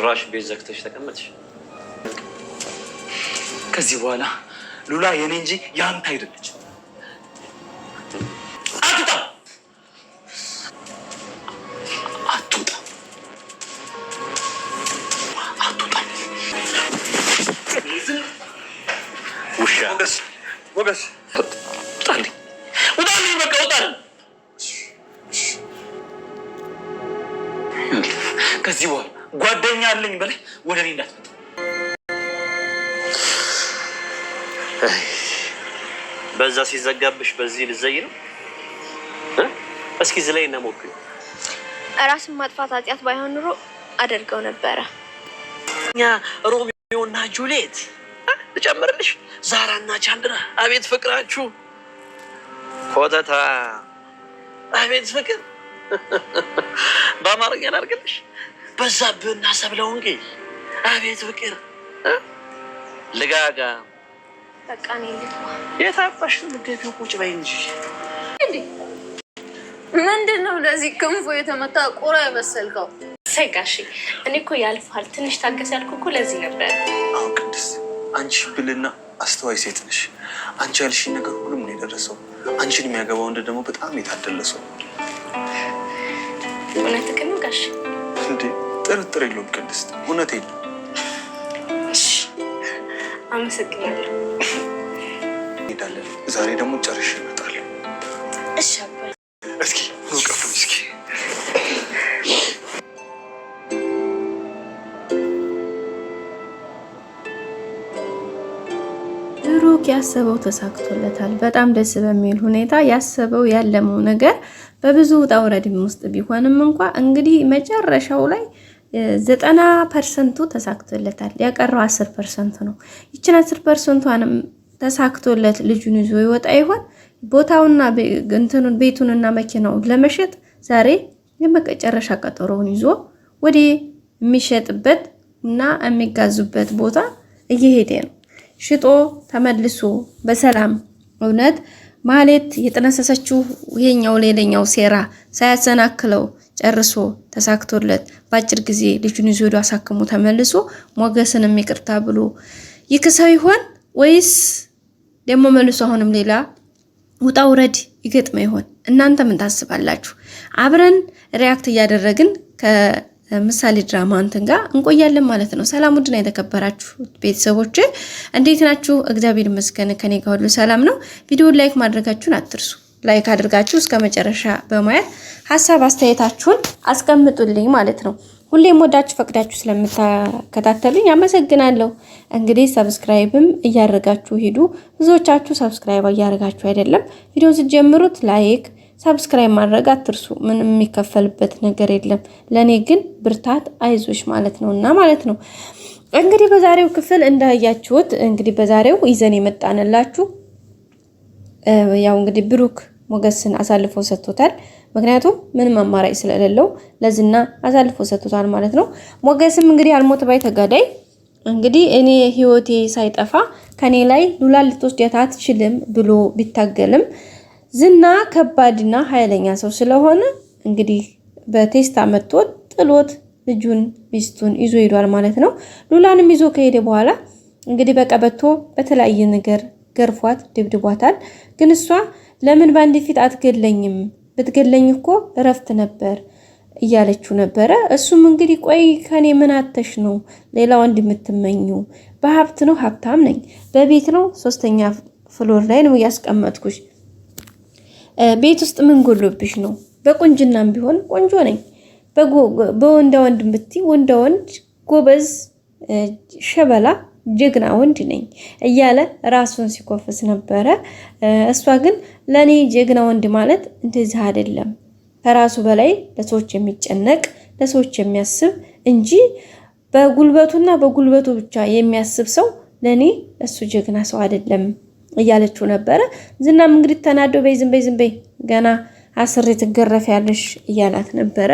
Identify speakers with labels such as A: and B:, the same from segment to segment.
A: ጭራሽ ቤት ዘግተሽ ተቀመጥሽ።
B: ከዚህ በኋላ ሉላ የኔ እንጂ የአንተ አይደለች። አትውጣ አትውጣ አትውጣ!
A: ውሻ ሞገስ፣ ሞገስ
B: ውጣልኝ፣ ውጣልኝ፣ በቃ ውጣልኝ። ከዚህ በኋላ ጓደኛ አለኝ ብለህ ወደ እኔ እንዳትመጣ።
A: በዛ ሲዘጋብሽ በዚህ ልዘይ ነው። እስኪ ዝላይ እና ሞክሪ።
C: ራስን ማጥፋት ኃጢአት ባይሆን ኑሮ አደርገው ነበረ።
B: እኛ ሮሚዮ እና ጁሌት ልጨምርልሽ፣ ዛራ እና ቻንድራ። አቤት ፍቅራችሁ ኮተታ፣ አቤት ፍቅር። በአማርኛ ላድርግልሽ በዛብህ እና ሰብለው እንጂ አቤት ፍቅር
A: ልጋጋ
C: በቃ
B: የታባሽ ምገቢ ቁጭ በይ እንጂ
C: ምንድን ነው ለዚህ ክንፎ የተመታ ቁራ የመሰልከው?
D: እሰይ ጋሼ፣ እኔ እኮ ያልፋል ትንሽ ታገስ ያልኩ እኮ ለዚህ ነበር።
E: አሁን ቅድስት፣ አንቺ ብልና አስተዋይ ሴት ነሽ። አንቺ ያልሽኝ ነገር ሁሉም ነው የደረሰው። አንቺን የሚያገባው እንደ ደግሞ በጣም የታደለ ሰው።
D: እውነትህን ነው ጋሼ።
E: እንዴ ጥርጥር የለውም ቅድስት፣ እውነቴን ነው።
D: አመሰግናለሁ።
E: እንሄዳለን። ዛሬ ደግሞ ጨርሼ እመጣለሁ። እሺ እስኪ እስኪ
F: ያሰበው ተሳክቶለታል። በጣም ደስ በሚል ሁኔታ ያሰበው ያለመው ነገር በብዙ ውጣ ውረድም ውስጥ ቢሆንም እንኳ እንግዲህ መጨረሻው ላይ ዘጠና ፐርሰንቱ ተሳክቶለታል። ያቀረው አስር ፐርሰንቱ ነው። ይችን አስር ፐርሰንቷንም ተሳክቶለት ልጁን ይዞ ይወጣ ይሆን? ቦታውና እንትኑን ቤቱንና መኪናውን ለመሸጥ ዛሬ የመጨረሻ ቀጠሮውን ይዞ ወደ የሚሸጥበት እና የሚጋዙበት ቦታ እየሄደ ነው። ሽጦ ተመልሶ በሰላም እውነት ማለት የጠነሰሰችው ይሄኛው ሌላኛው ሴራ ሳያሰናክለው ጨርሶ ተሳክቶለት በአጭር ጊዜ ልጁን ይዞ ሄዶ አሳክሞ ተመልሶ ሞገስንም ይቅርታ ብሎ ይክሰው ይሆን ወይስ ደግሞ መልሶ አሁንም ሌላ ውጣ ውረድ ይገጥመ ይሆን? እናንተ ምን ታስባላችሁ? አብረን ሪያክት እያደረግን ከምሳሌ ድራማ እንትን ጋር እንቆያለን ማለት ነው። ሰላም ውድና የተከበራችሁ ቤተሰቦች እንዴት ናችሁ? እግዚአብሔር ይመስገን ከኔ ጋር ሁሉ ሰላም ነው። ቪዲዮን ላይክ ማድረጋችሁን አትርሱ። ላይክ አድርጋችሁ እስከ መጨረሻ በማየት ሀሳብ አስተያየታችሁን አስቀምጡልኝ ማለት ነው። ሁሌም ወዳችሁ ፈቅዳችሁ ስለምታከታተሉኝ አመሰግናለሁ። እንግዲህ ሰብስክራይብም እያደረጋችሁ ሂዱ። ብዙዎቻችሁ ሰብስክራይብ እያደረጋችሁ አይደለም። ቪዲዮን ስትጀምሩት ላይክ፣ ሰብስክራይብ ማድረግ አትርሱ። ምንም የሚከፈልበት ነገር የለም። ለእኔ ግን ብርታት አይዞሽ ማለት ነው እና ማለት ነው እንግዲህ በዛሬው ክፍል እንዳያችሁት እንግዲህ በዛሬው ይዘን የመጣንላችሁ ያው እንግዲህ ብሩክ ሞገስን አሳልፎ ሰጥቶታል። ምክንያቱም ምንም አማራጭ ስለሌለው ለዝና አሳልፎ ሰጥቶታል ማለት ነው። ሞገስም እንግዲህ አልሞት ባይ ተጋዳይ እንግዲህ እኔ ህይወቴ ሳይጠፋ ከኔ ላይ ሉላ ልትወስደት አትችልም ብሎ ቢታገልም ዝና ከባድና ኃይለኛ ሰው ስለሆነ እንግዲህ በቴስታ መጥቶ ጥሎት ልጁን ሚስቱን ይዞ ሄዷል ማለት ነው። ሉላንም ይዞ ከሄደ በኋላ እንግዲህ በቀበቶ በተለያየ ነገር ገርፏት ድብድቧታል። ግን እሷ ለምን በአንድ ፊት አትገለኝም? ብትገለኝ እኮ እረፍት ነበር እያለችው ነበረ። እሱም እንግዲህ ቆይ ከኔ ምን አተሽ ነው ሌላ ወንድ የምትመኙ? በሀብት ነው ሀብታም ነኝ፣ በቤት ነው ሶስተኛ ፍሎር ላይ ነው እያስቀመጥኩሽ። ቤት ውስጥ ምን ጎሎብሽ ነው? በቁንጅናም ቢሆን ቆንጆ ነኝ። በወንዳ ወንድ ብትይ ወንዳ ወንድ ጎበዝ ሸበላ ጀግና ወንድ ነኝ እያለ ራሱን ሲኮፍስ ነበረ። እሷ ግን ለእኔ ጀግና ወንድ ማለት እንደዚህ አይደለም፣ ከራሱ በላይ ለሰዎች የሚጨነቅ ለሰዎች የሚያስብ እንጂ በጉልበቱና በጉልበቱ ብቻ የሚያስብ ሰው ለእኔ እሱ ጀግና ሰው አይደለም እያለችው ነበረ። ዝናም እንግዲህ ተናዶ በይ ዝም በይ ዝም በይ ገና አስሬ ትገረፍ ያለሽ እያላት ነበረ።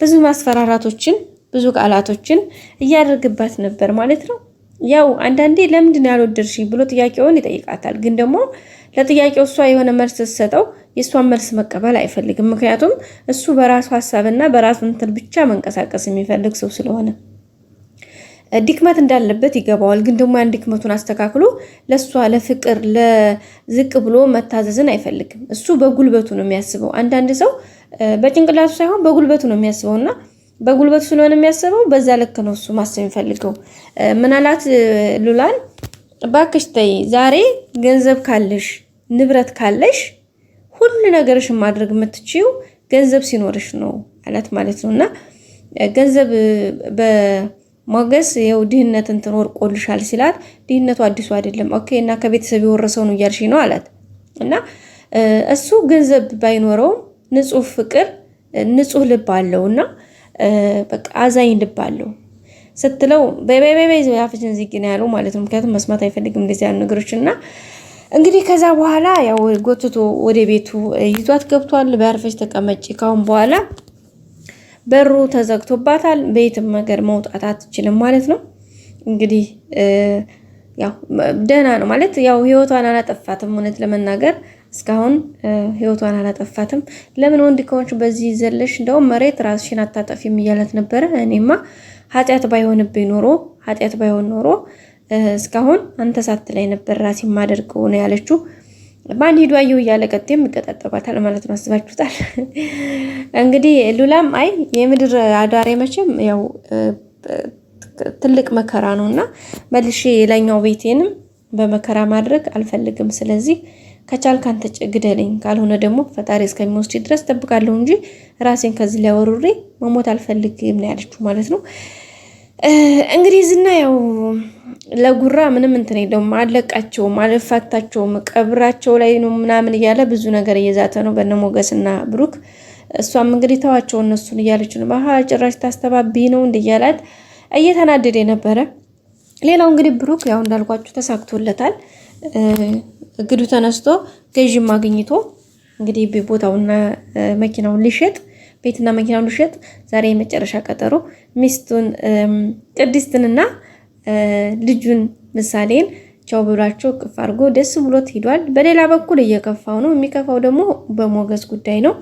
F: ብዙ ማስፈራራቶችን ብዙ ቃላቶችን እያደረግባት ነበር ማለት ነው። ያው አንዳንዴ ለምንድን ያልወደድሽ ብሎ ጥያቄውን ይጠይቃታል። ግን ደግሞ ለጥያቄው እሷ የሆነ መልስ ስትሰጠው የእሷን መልስ መቀበል አይፈልግም። ምክንያቱም እሱ በራሱ ሀሳብና በራሱ እንትን ብቻ መንቀሳቀስ የሚፈልግ ሰው ስለሆነ ድክመት እንዳለበት ይገባዋል። ግን ደግሞ ያን ድክመቱን አስተካክሎ ለእሷ ለፍቅር ለዝቅ ብሎ መታዘዝን አይፈልግም። እሱ በጉልበቱ ነው የሚያስበው። አንዳንድ ሰው በጭንቅላቱ ሳይሆን በጉልበቱ ነው የሚያስበው ና። በጉልበቱ ስለሆነ የሚያስበው በዛ ልክ ነው እሱ ማሰብ የሚፈልገው። ምናላት ሉላን፣ እባክሽ ተይ፣ ዛሬ ገንዘብ ካለሽ ንብረት ካለሽ ሁሉ ነገርሽ ማድረግ የምትችው ገንዘብ ሲኖርሽ ነው አላት ማለት ነው። እና ገንዘብ በሞገስ የው ድህነት እንትን ወርቆልሻል ሲላት፣ ድህነቱ አዲሱ አይደለም ኦኬ፣ እና ከቤተሰብ የወረሰው ነው እያልሽ ነው አላት። እና እሱ ገንዘብ ባይኖረውም ንጹህ ፍቅር ንጹህ ልብ አለው እና በቃ አዛኝ ልብ አለው ስትለው በበበይ አፍሽን ዝጊ ነው ያለው ማለት ነው። ምክንያቱም መስማት አይፈልግም እንደዚህ ያሉ ነገሮች እና እንግዲህ ከዛ በኋላ ያው ጎትቶ ወደ ቤቱ ይዟት ገብቷል። በአርፈሽ ተቀመጭ ካሁን በኋላ በሩ ተዘግቶባታል፣ በየትም ነገር መውጣት አትችልም ማለት ነው። እንግዲህ ያው ደህና ነው ማለት ያው ህይወቷን አላጠፋትም እውነት ለመናገር እስካሁን ህይወቷን አላጠፋትም። ለምን ወንድ ከሆንሽ በዚህ ዘለሽ እንደውም መሬት ራስሽን አታጠፊም እያላት ነበረ። እኔማ ኃጢአት ባይሆንብኝ ኖሮ ኃጢአት ባይሆን ኖሮ እስካሁን አንተ ላይ ነበር ራሴ የማደርገው ነው ያለችው። በአንድ ሂዱ አየሁ እያለ ቀጤም ይቀጣጠባታል ማለት ነው። አስባችሁታል እንግዲህ ሉላም አይ የምድር አዳሬ መቼም ያው ትልቅ መከራ ነው እና መልሼ የላኛው ቤቴንም በመከራ ማድረግ አልፈልግም። ስለዚህ ከቻልክ አንተ ግደለኝ፣ ካልሆነ ደግሞ ፈጣሪ እስከሚወስድ ድረስ ጠብቃለሁ እንጂ ራሴን ከዚህ ላይ መሞት አልፈልግም ነው ያለችው ማለት ነው። እንግዲህ ዝና ያው ለጉራ ምንም እንትን የለውም፣ አለቃቸውም፣ አልፋታቸውም፣ ቀብራቸው ላይ ነው ምናምን እያለ ብዙ ነገር እየዛተ ነው በነ ሞገስና ብሩክ። እሷም እንግዲህ ተዋቸው እነሱን እያለች ነው። ባህ ጭራሽ ታስተባቢ ነው እንደ እያላት እየተናደደ ነበረ። ሌላው እንግዲህ ብሩክ ያው እንዳልኳችሁ ተሳክቶለታል። እግዱ ተነስቶ ገዥም አግኝቶ እንግዲህ ቦታውና መኪናውን ሊሸጥ ቤትና መኪናውን ሊሸጥ ዛሬ የመጨረሻ ቀጠሮ ሚስቱን ቅድስትንና ልጁን ምሳሌን ቻው ብሏቸው ቅፍ አድርጎ ደስ ብሎት ሂዷል። በሌላ በኩል እየከፋው ነው። የሚከፋው ደግሞ በሞገስ ጉዳይ ነው።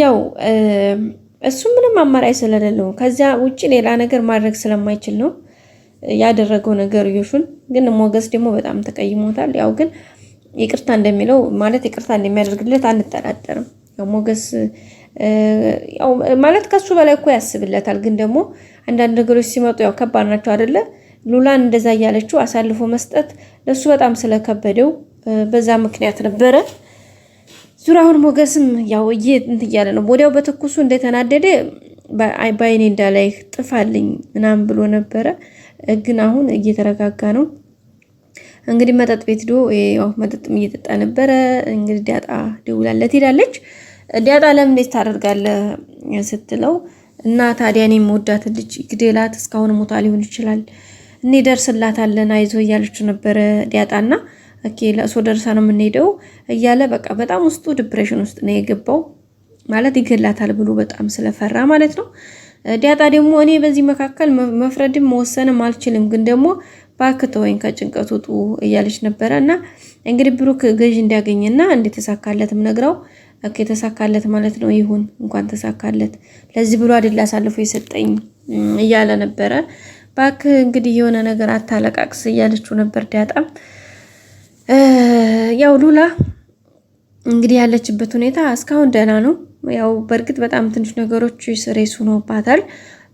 F: ያው እሱ ምንም አማራጭ ስለሌለው ከዚያ ውጭ ሌላ ነገር ማድረግ ስለማይችል ነው። ያደረገው ነገር ዮሹን ግን ሞገስ ደግሞ በጣም ተቀይሞታል። ያው ግን ይቅርታ እንደሚለው ማለት ይቅርታ እንደሚያደርግለት አንጠራጠርም። ሞገስ ያው ማለት ከሱ በላይ እኮ ያስብለታል። ግን ደግሞ አንዳንድ ነገሮች ሲመጡ ያው ከባድ ናቸው አይደለ? ሉላን እንደዛ እያለችው አሳልፎ መስጠት ለሱ በጣም ስለከበደው በዛ ምክንያት ነበረ። ዙሪያውን ሞገስም ያው እየ እንትን እያለ ነው ወዲያው በትኩሱ እንደተናደደ በአይኔ ላይ ጥፋልኝ ምናምን ብሎ ነበረ። ግን አሁን እየተረጋጋ ነው። እንግዲህ መጠጥ ቤት ዶ ያው መጠጥም እየጠጣ ነበረ። እንግዲህ ዲያጣ ደውላለት ሄዳለች። ዲያጣ ለምን እንዴት ታደርጋለህ ስትለው እና ታዲያ እኔ የምወዳት ልጅ ግዴላት እስካሁን ሞታ ሊሆን ይችላል እኔ ደርስላታለን አይዞ እያለችው ነበረ ዲያጣና ኦኬ ለእሶ ደርሳ ነው የምንሄደው እያለ በቃ በጣም ውስጡ ዲፕሬሽን ውስጥ ነው የገባው። ማለት ይገላታል ብሎ በጣም ስለፈራ ማለት ነው። ዲያጣ ደግሞ እኔ በዚህ መካከል መፍረድም መወሰንም አልችልም፣ ግን ደግሞ ባክተ ወይን ከጭንቀት ውጡ እያለች ነበረ እና እንግዲህ ብሩክ ገዥ እንዲያገኝና እንደተሳካለትም ነግረው ተሳካለት ማለት ነው። ይሁን እንኳን ተሳካለት፣ ለዚህ ብሎ አይደል አሳልፎ የሰጠኝ እያለ ነበረ። ባክ እንግዲህ የሆነ ነገር አታለቃቅስ እያለችው ነበር ዲያጣ። ያው ሉላ እንግዲህ ያለችበት ሁኔታ እስካሁን ደህና ነው። ያው በእርግጥ በጣም ትንሽ ነገሮች ስሬስ ሆኖባታል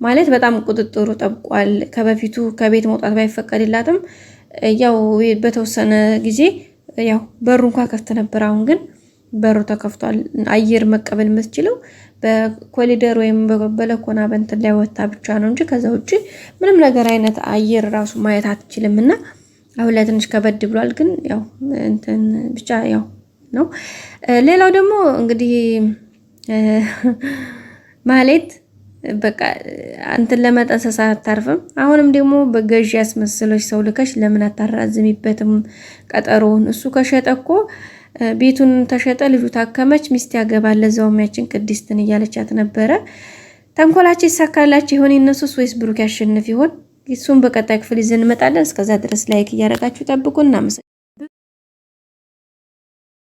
F: ማለት በጣም ቁጥጥሩ ጠብቋል። ከበፊቱ ከቤት መውጣት ባይፈቀድላትም ያው በተወሰነ ጊዜ ያው በሩ እንኳ ከፍት ነበር። አሁን ግን በሩ ተከፍቷል። አየር መቀበል የምትችለው በኮሊደር ወይም በለኮና በንትን ላይ ወታ ብቻ ነው እንጂ ከዛ ውጭ ምንም ነገር አይነት አየር ራሱ ማየት አትችልም እና አሁን ላይ ትንሽ ከበድ ብሏል። ግን ያው እንትን ብቻ ያው ነው። ሌላው ደግሞ እንግዲህ ማለት በቃ አንተን ለመጠንሰስ አታርፍም። አሁንም ደግሞ በገዢ ያስመሰለች ሰው ልከሽ ለምን አታራዝሚበትም ቀጠሮውን? እሱ ከሸጠ እኮ ቤቱን ተሸጠ፣ ልጁ ታከመች፣ ሚስት ያገባል። ለዛውም ቅድስትን እያለቻት ነበረ። ተንኮላቸው ይሳካላቸው ይሆን የእነሱስ ወይስ ብሩክ ያሸንፍ ይሆን? እሱም በቀጣይ ክፍል ይዘን እንመጣለን። እስከዛ ድረስ ላይክ እያደረጋችሁ ጠብቁ። እናመሰግናለን።